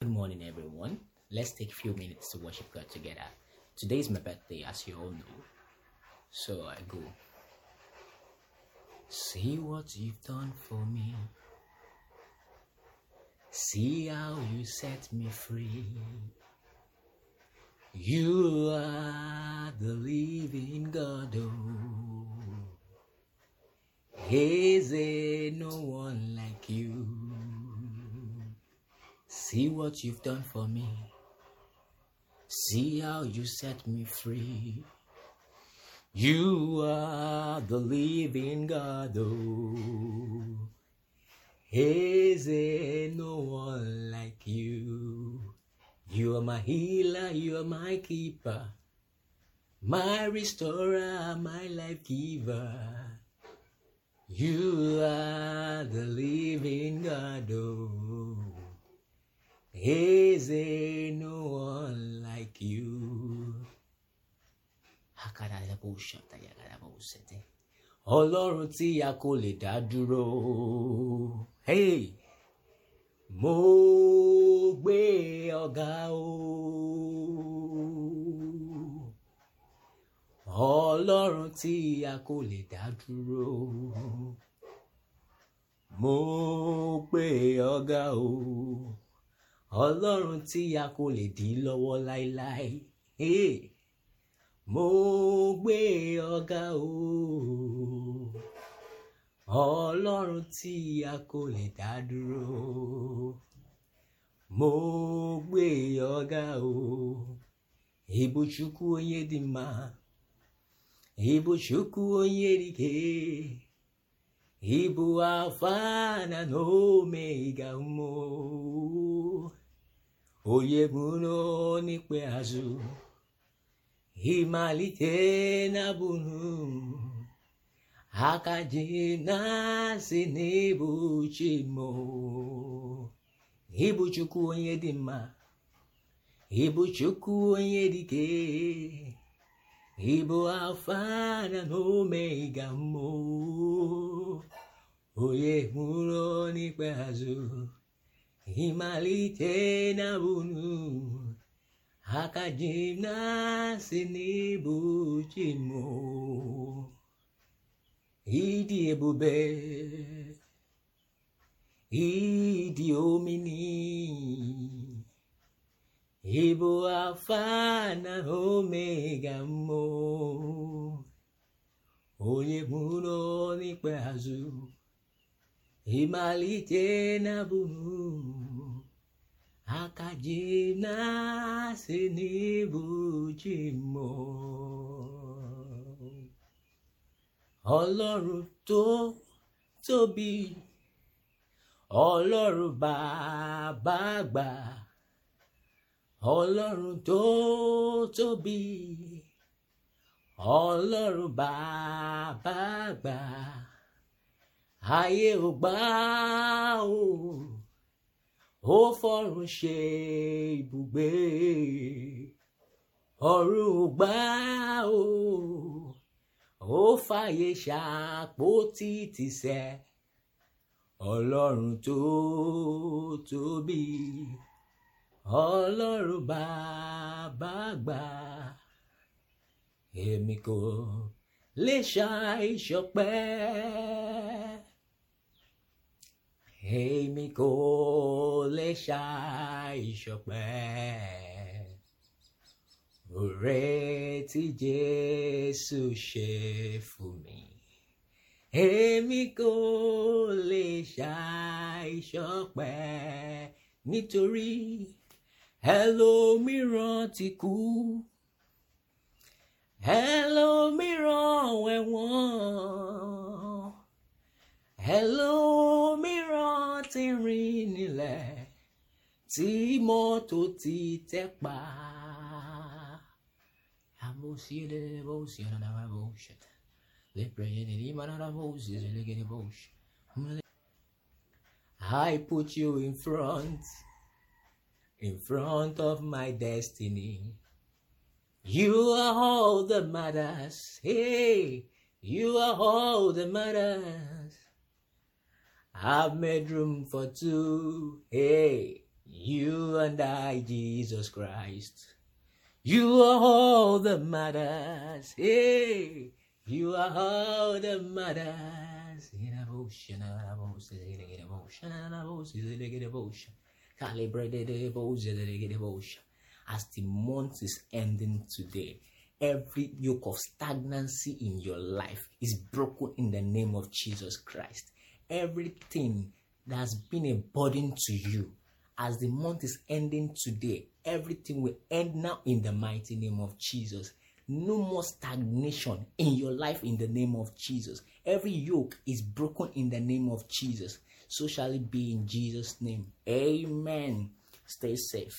Good morning, everyone. Let's take a few minutes to worship God together. Today is my birthday, as you all know. So I go. See what you've done for me. See how you set me free. You are See what you've done for me. See how you set me free. You are the living God, oh. Is there no one like you? You are my healer, you are my keeper, my restorer, my life giver. You are the living God, oh. Is there no one like you? Akadàdàbò ṣàtàyàgàdàbò ṣẹ̀tẹ̀. Ọlọ́run tí a kò lè dá dúró. Hey! Mo gbé ọ̀gá o. Ọlọ́run tí a kò lè dá dúró. Mo gbé ọ̀gá o ọlọ́run tí a kò lè dí lọ́wọ́ láéláé mo gbé ọ̀gá o ọlọ́run tí a kò lè dá dúró mo gbé ọ̀gá o ìbùchukwu onye dị mma ìbùchukwu onye dike ịbụ afa na n'ome ịga um onye bụrụ n'ikpeazụ ịmalite na bụrụ, aka ji na na ịbụ chimo ịbụ chukwu onye dị mma ịbụ chukwu onye dike ịbụ afa na omega mmụọ onye hụrụ n'ikpeazụ imalite na bunu akajimna sinibu chimo idi ebube idi omini ibu afa na omega mo onye mụrụ n'ikpeazụ imalite na bumu akajina sinibujimo ọlọ́run tó tóbi ọlọ́run bàbá àgbà ọlọ́run tó tóbi ọlọ́run bàbá àgbà ayé ò gbà o ó fọ̀run ṣe ibùgbé ọ̀run ò gbà o ó fàyè ṣàpótí tìṣẹ ọlọ́run tó tóbi ọlọ́run bàbá gbà èmi kò lè ṣàìṣọpẹ́ èmi kò lè ṣàì ṣọpẹ́ òré tí Jésù ṣe fún mi èmi kò lè ṣàì ṣọpẹ́ nítorí ẹlòmíràn tó ti tẹ́ pa. Lè I put you in front, in front of my destiny. You are all the matters. Hey, you are all the matters. I've made room for two. Hey. You and I, Jesus Christ. You are all the matters. Hey, you are all the matters. In motion, in motion, in motion, in motion, in emotion. Calibrated emotion, in devotion. As the month is ending today, every yoke of stagnancy in your life is broken in the name of Jesus Christ. Everything that's been a burden to you as the month is ending today, everything will end now in the mighty name of Jesus. No more stagnation in your life in the name of Jesus. Every yoke is broken in the name of Jesus. So shall it be in Jesus' name. Amen. Stay safe.